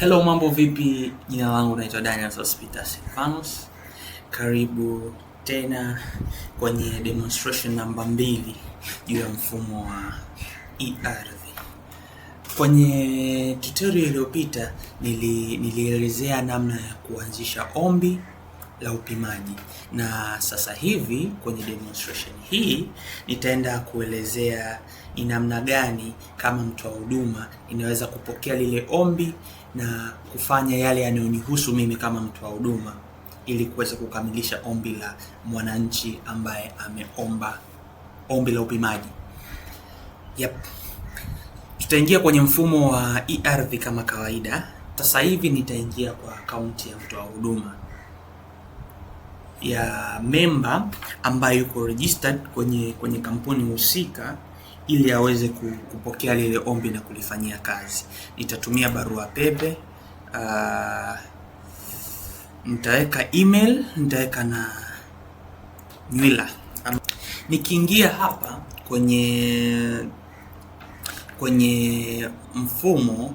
Hello, mambo vipi? Jina langu naitwa Daniel Sospita Silvanus. Karibu tena kwenye demonstration namba mbili juu ya mfumo wa e-ardhi. Kwenye tutorial iliyopita nilielezea nili namna ya kuanzisha ombi la upimaji. Na sasa hivi kwenye demonstration hii nitaenda kuelezea ni namna gani kama wa huduma inaweza kupokea lile ombi na kufanya yale yanayonihusu mimi kama wa huduma ili kuweza kukamilisha ombi la mwananchi ambaye ameomba ombi la upimaji. Yep. Tutaingia kwenye mfumo wa e kama kawaida. Sasa hivi nitaingia kwa akaunti ya mtoa huduma ya memba ambaye yuko registered kwenye kwenye kampuni husika ili aweze kupokea lile ombi na kulifanyia kazi. Nitatumia barua pepe, uh, nitaweka email, nitaweka na nywila. Nikiingia hapa kwenye kwenye mfumo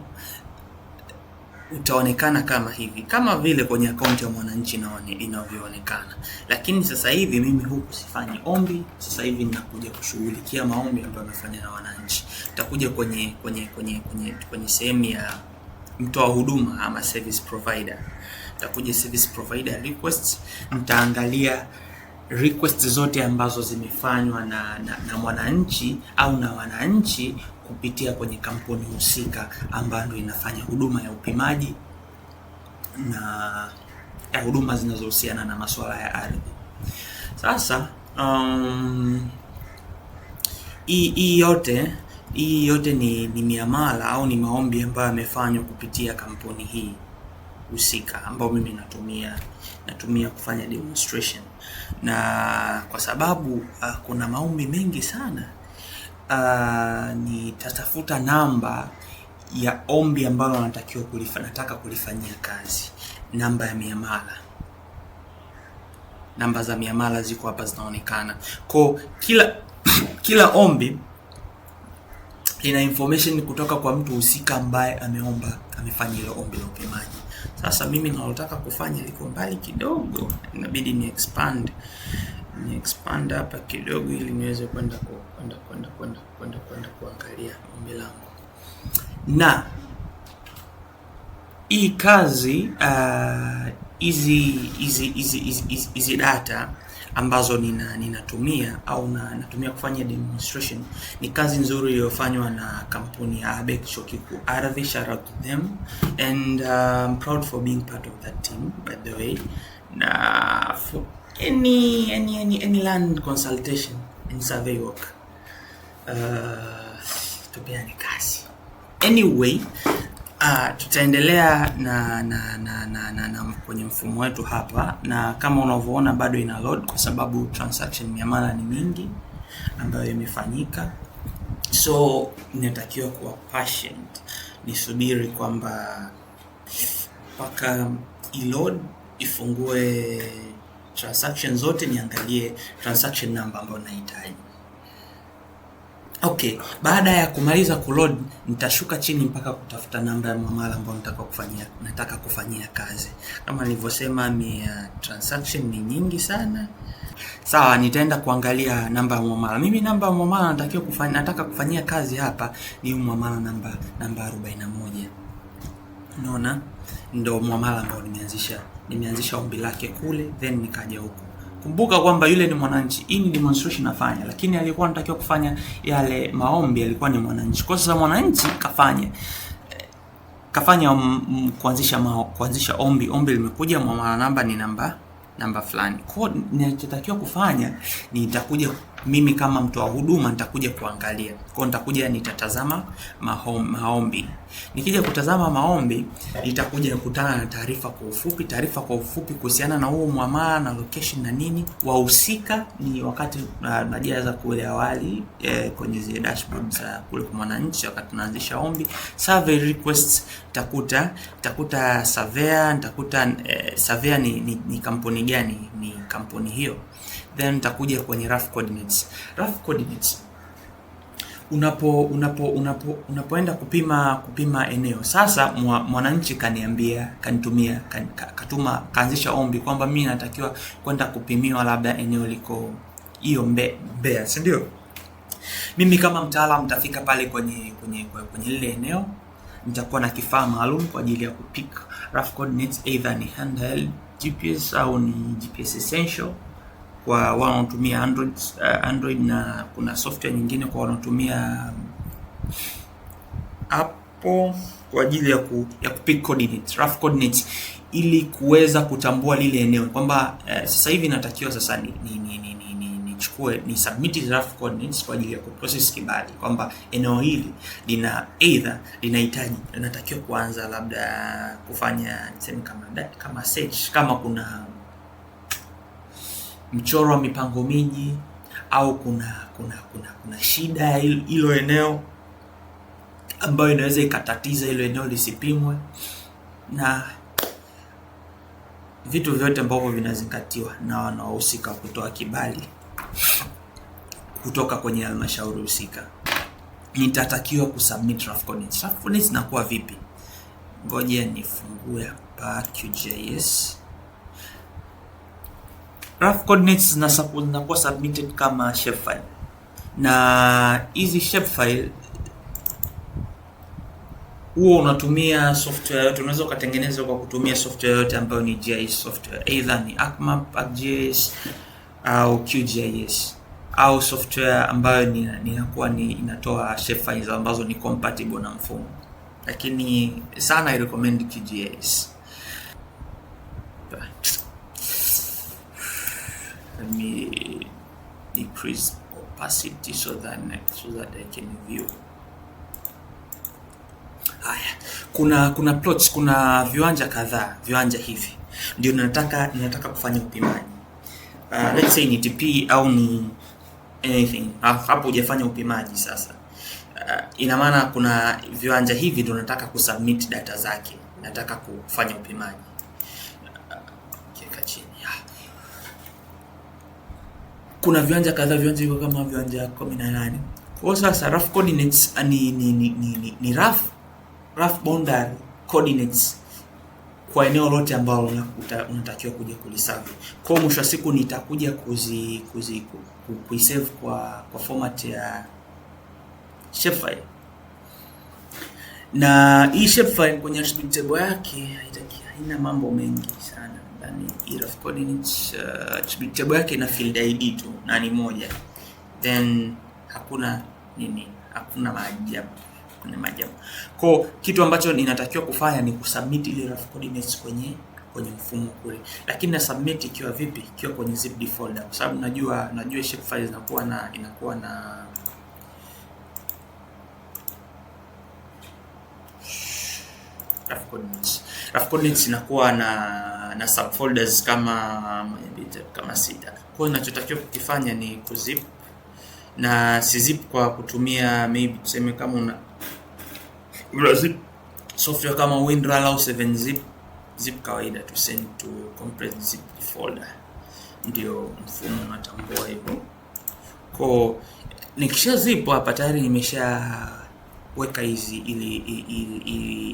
utaonekana kama hivi, kama vile kwenye akaunti ya Mwananchi inavyoonekana. Lakini sasa hivi mimi huku sifanyi ombi, sasa hivi ninakuja kushughulikia maombi ambayo yamefanywa na wananchi. Nitakuja kwenye kwenye kwenye kwenye, kwenye sehemu ya mtoa huduma ama service provider, nitakuja service provider request, mtaangalia request zote ambazo zimefanywa na, na, na mwananchi au na wananchi kupitia kwenye kampuni husika ambayo inafanya huduma ya upimaji na ya eh, huduma zinazohusiana na masuala ya ardhi. Sasa um, hii yote hii yote ni, ni miamala au ni maombi ambayo yamefanywa kupitia kampuni hii husika ambayo mimi natumia natumia kufanya demonstration, na kwa sababu uh, kuna maombi mengi sana uh, nitatafuta namba ya ombi ambalo natakiwa kulifa, nataka kulifanyia kazi, namba ya miamala. Namba za miamala ziko hapa zinaonekana. Kwa kila kila ombi lina information kutoka kwa mtu husika ambaye ameomba, amefanya hilo ombi la upimaji. Sasa mimi nalotaka kufanya liko mbali kidogo, inabidi ni expand ni expand hapa kidogo ili niweze kwenda kwa kwenda kwenda kwenda kwenda kwenda kuangalia ombi langu, na hii kazi uh, hizi uh, hizi data ambazo nina ninatumia au na, natumia kufanya demonstration ni kazi nzuri iliyofanywa na kampuni ya ABEC Chuo Kikuu Ardhi. Shout them and uh, I'm proud for being part of that team by the way, na for any any any, any land consultation and survey work Uh, tupeane kazi. Anyway, uh, tutaendelea na na na, na, na, na kwenye mfumo wetu hapa, na kama unavyoona bado ina load kwa sababu transaction miamala ni mingi ambayo imefanyika, so inatakiwa kuwa patient, nisubiri kwamba mpaka load ifungue transaction zote, niangalie transaction number ambayo nahitaji. Okay, baada ya kumaliza kuload nitashuka chini mpaka kutafuta namba ya mwamala ambao nataka kufanyia nataka kufanyia kazi. Kama nilivyosema, mi uh, transaction ni nyingi sana. Sawa, nitaenda kuangalia namba ya mwamala Mimi namba ya muamala natakiwa kufanya nataka kufanyia kazi hapa ni muamala namba namba 41. Unaona? Ndio muamala ambao nimeanzisha nimeanzisha ombi lake kule then nikaja huko. Kumbuka kwamba yule ni mwananchi. Hii ni demonstration nafanya, lakini alikuwa anatakiwa kufanya yale maombi, alikuwa ni mwananchi. Kwa sasa mwananchi kafanya kafanya kuanzisha kuanzisha ombi, ombi limekuja, namba ni namba namba fulani. Kwa ninachotakiwa kufanya, nitakuja mimi kama mtoa huduma nitakuja kuangalia kwa, nitakuja nitatazama maombi. Nikija kutazama maombi, nitakuja kukutana na taarifa kwa ufupi, taarifa kwa ufupi kuhusiana na huo mwamala na location na nini. Wahusika ni wakati najia za kule awali eh, kwenye zile dashboard za kule kwa mwananchi, wakati tunaanzisha ombi, survey requests nitakuta nitakuta surveyor nitakuta eh, surveyor ni, ni, ni kampuni gani? Ni kampuni hiyo then nitakuja kwenye rough coordinates. Rough coordinates unapo unapo unapo unapoenda kupima kupima eneo sasa. Mwananchi kaniambia kanitumia kan, katuma kaanzisha ombi kwamba mimi natakiwa kwenda kupimiwa labda eneo liko hiyo mbe, Mbeya, si ndio? Mimi kama mtaalamu nitafika pale kwenye kwenye kwenye lile eneo, nitakuwa na kifaa maalum kwa ajili ya kupick rough coordinates, either ni handheld GPS au ni GPS essential kwa wanaotumia Android, uh, Android na kuna software nyingine kwa wanaotumia um, Apple kwa ajili ya, ku, ya kupick coordinates, rough coordinates ili kuweza kutambua lile eneo kwamba uh, sasa hivi natakiwa sasa ni, ni, ni, ni, ni, ni, nichukue ni submit rough coordinates kwa ajili ya kuprocess kibali kwamba eneo hili lina either linahitaji natakiwa kuanza labda kufanya niseme kama kama search kama kuna mchoro wa mipango miji au kuna kuna kuna, kuna shida ya hilo eneo ambayo inaweza ikatatiza hilo eneo lisipimwe na vitu vyote ambavyo vinazingatiwa na wanaohusika kutoa kibali kutoka kwenye halmashauri husika. Nitatakiwa kusubmit RAFCONIS. RAFCONIS inakuwa vipi? Ngoja nifungue hapa QGIS. Rough coordinates zinakuwa submitted kama shapefile, na hizi shapefile huo unatumia software yote, unaweza ukatengeneza kwa kutumia software yote ambayo ni GIS software, either ni ArcMap, ArcGIS au QGIS au software ambayo inakuwa ni, inatoa shapefiles ambazo ni compatible na mfumo, lakini sana I recommend QGIS. let me decrease opacity so that, so that I can view. Haya, kuna kuna plots, kuna viwanja kadhaa, viwanja hivi ndio nataka ninataka kufanya upimaji. Uh, let's say ni TP au ni anything. Hapo hujafanya upimaji sasa. Uh, ina maana kuna viwanja hivi ndio nataka kusubmit data zake, nataka kufanya upimaji. kuna viwanja kadhaa, viwanja hivyo kama viwanja kumi na nane. Kwa hiyo sasa rough coordinates ah, ni ni ni, ni, ni ni rough rough boundary coordinates kwa eneo lote ambalo unatakiwa kuja kulisave. Kwa hiyo mwisho wa siku nitakuja kuzi kuzi ku, kuisave kwa kwa format ya shapefile. Na hii shapefile kwenye shipping table yake haitaki haina mambo mengi sana yani rough code ni uh, tabu yake ina field id tu na ni moja, then hakuna nini, hakuna maajabu kwenye maajabu. Kwa kitu ambacho ninatakiwa kufanya ni kusubmit ile rough coordinates kwenye kwenye mfumo kule, lakini na submit ikiwa vipi? Ikiwa kwenye zipd folder, kwa sababu najua najua shape files zinakuwa na inakuwa na rough coordinates, rough coordinates inakuwa na na subfolders kama kama sita. Kwa hiyo ninachotakiwa kukifanya ni kuzip na sizip kwa kutumia maybe tuseme kama una una zip software kama WinRAR au 7zip, zip kawaida to send to complete zip folder, ndio mfumo unatambua hivyo. Kwa nikisha zip hapa tayari nimesha weka hizi ili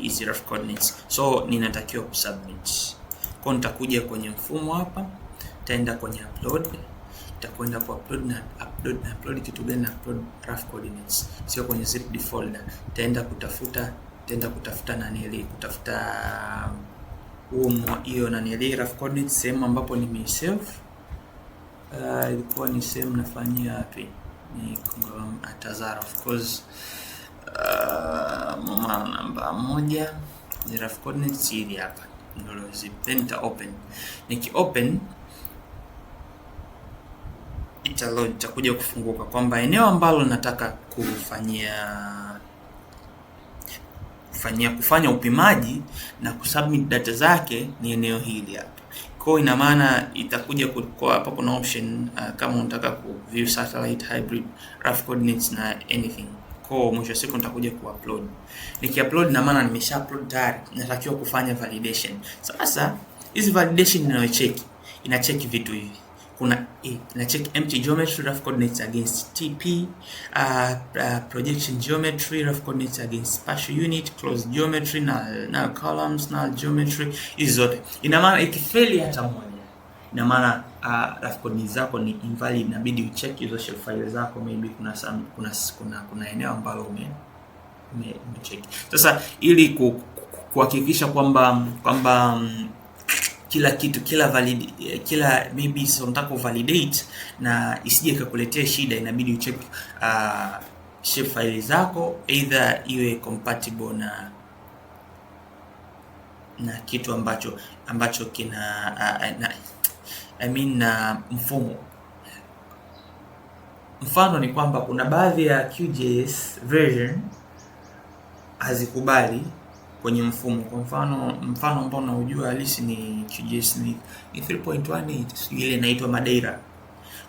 hizi rough coordinates, so ninatakiwa kusubmit. Kwa nitakuja kwenye mfumo hapa, nitaenda kwenye upload, nitakwenda kwa upload na upload na upload kitu gani? Na upload rough coordinates, sio kwenye zip folder. Nitaenda kutafuta, nitaenda kutafuta nani ile, kutafuta umo hiyo nani ile rough coordinates, sehemu ambapo nimeisave. Uh, ilikuwa ni sehemu nafanyia wapi? Ni Kongamano Atazara of course. Uh, mama namba moja ni rough coordinates hili hapa nolozi zip, then nita open. Niki open ita load, itakuja kufunguka kwamba eneo ambalo nataka kufanyia kufanyia kufanya upimaji na kusubmit data zake ni eneo hili hapa. Kwa ina maana itakuja kwa hapa kuna option uh, kama unataka ku view satellite hybrid rough coordinates na anything kwa mwisho siku nitakuja kuupload. Nikiupload na maana nimesha upload tayari, natakiwa kufanya validation. Sasa hizi validation ina check vitu hivi kuna eh, ina check empty geometry rough coordinates against TP uh, ah, uh, ah, projection geometry rough coordinates against partial unit closed geometry null, null columns null geometry. hizo zote ina maana ikifeli hata moja ina maana uh, ah, raf code zako ni invalid, inabidi ucheck hizo shelf file zako, maybe kuna some, kuna kuna kuna eneo ambalo ume umecheck ume sasa, ili kuhakikisha ku, ku, kwamba kwamba um, kila kitu kila valid eh, kila maybe so nataka validate na isije ikakuletea shida, inabidi ucheck uh, ah, shape file zako either iwe compatible na na kitu ambacho ambacho kina uh, na, I mean na mfumo. Mfano ni kwamba kuna baadhi ya QGIS version hazikubali kwenye mfumo. Kwa mfano mfano ambao unaojua halisi ni QGIS ni 3.18 ile inaitwa Madeira.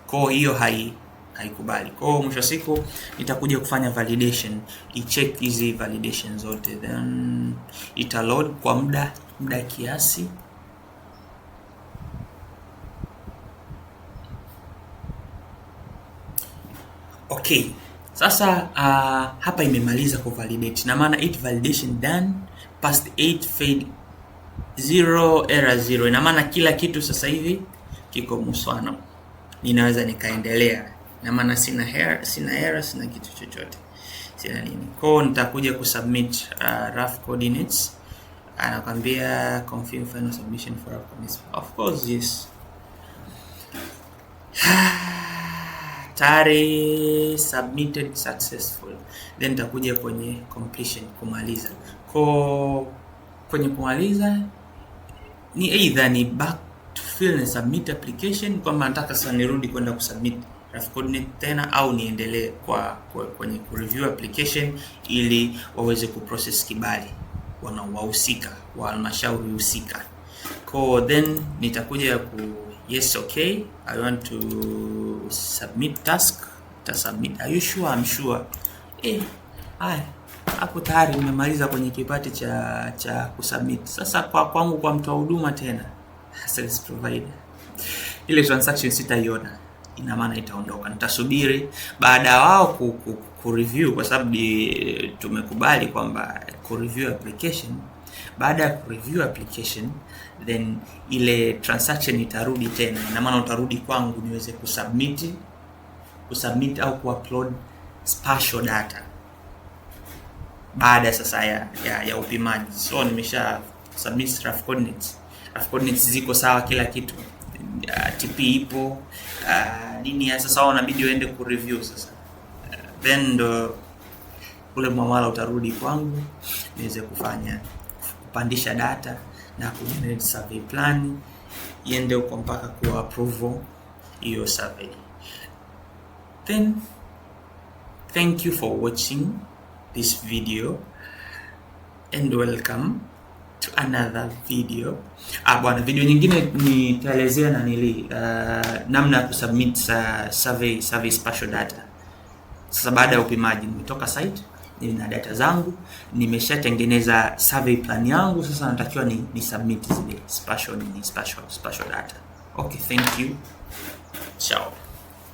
Kwa hiyo hai haikubali. Kwa hiyo mwisho wa siku itakuja kufanya validation, icheck hizi validation zote then load kwa muda muda kiasi Okay. Sasa uh, hapa imemaliza ku validate na maana it validation done past 8 failed 0 error 0. Ina maana kila kitu sasa hivi kiko muswano, ninaweza nikaendelea na maana sina error, sina error, sina kitu chochote, sina nini. Kwa hiyo nitakuja kusubmit uh, ah, rough coordinates, anakwambia confirm final submission for of course yes tare submitted successful, then takuja kwenye completion kumaliza. Kwa kwenye kumaliza ni either ni back to fill and submit application, kwamba nataka sasa nirudi kwenda kusubmit rough coordinate tena, au niendelee kwa, kwa kwenye kureview application ili waweze kuprocess kibali wanaowahusika wa halmashauri husika. Kwa then nitakuja ku Yes, okay. I want to submit task. Ta submit. Are you sure? I'm sure. Eh, haya. Hapo tayari nimemaliza kwenye kipati cha cha kusubmit. Sasa kwa kwangu kwa mtu wa huduma tena service provider. Ile transaction sitaiona. Ina maana itaondoka. Nitasubiri baada ya wao ku, ku, ku review kwa sababu tumekubali kwamba ku review application baada ya kureview application then ile transaction itarudi tena, ina maana utarudi kwangu niweze kusubmit kusubmit au kuupload spatial data baada sasa ya, ya, ya upimaji. So nimesha submit rough coordinates, rough coordinates ziko sawa, kila kitu uh, TP ipo uh, nini ya sasa, unabidi uende ku review sasa uh, then ndo uh, ule mwamala utarudi kwangu niweze kufanya kupandisha data na kugenerate survey plan iende huko mpaka kuwa approve hiyo survey. Then thank you for watching this video and welcome to another video. Ah, bwana, video nyingine nitaelezea na nili uh, namna ya kusubmit uh, survey survey spatial data. Sasa baada ya upimaji nimetoka site nina data zangu, nimeshatengeneza survey plan yangu, sasa natakiwa ni, ni submit zile special, ni special, special data. Okay, thank you. Ciao.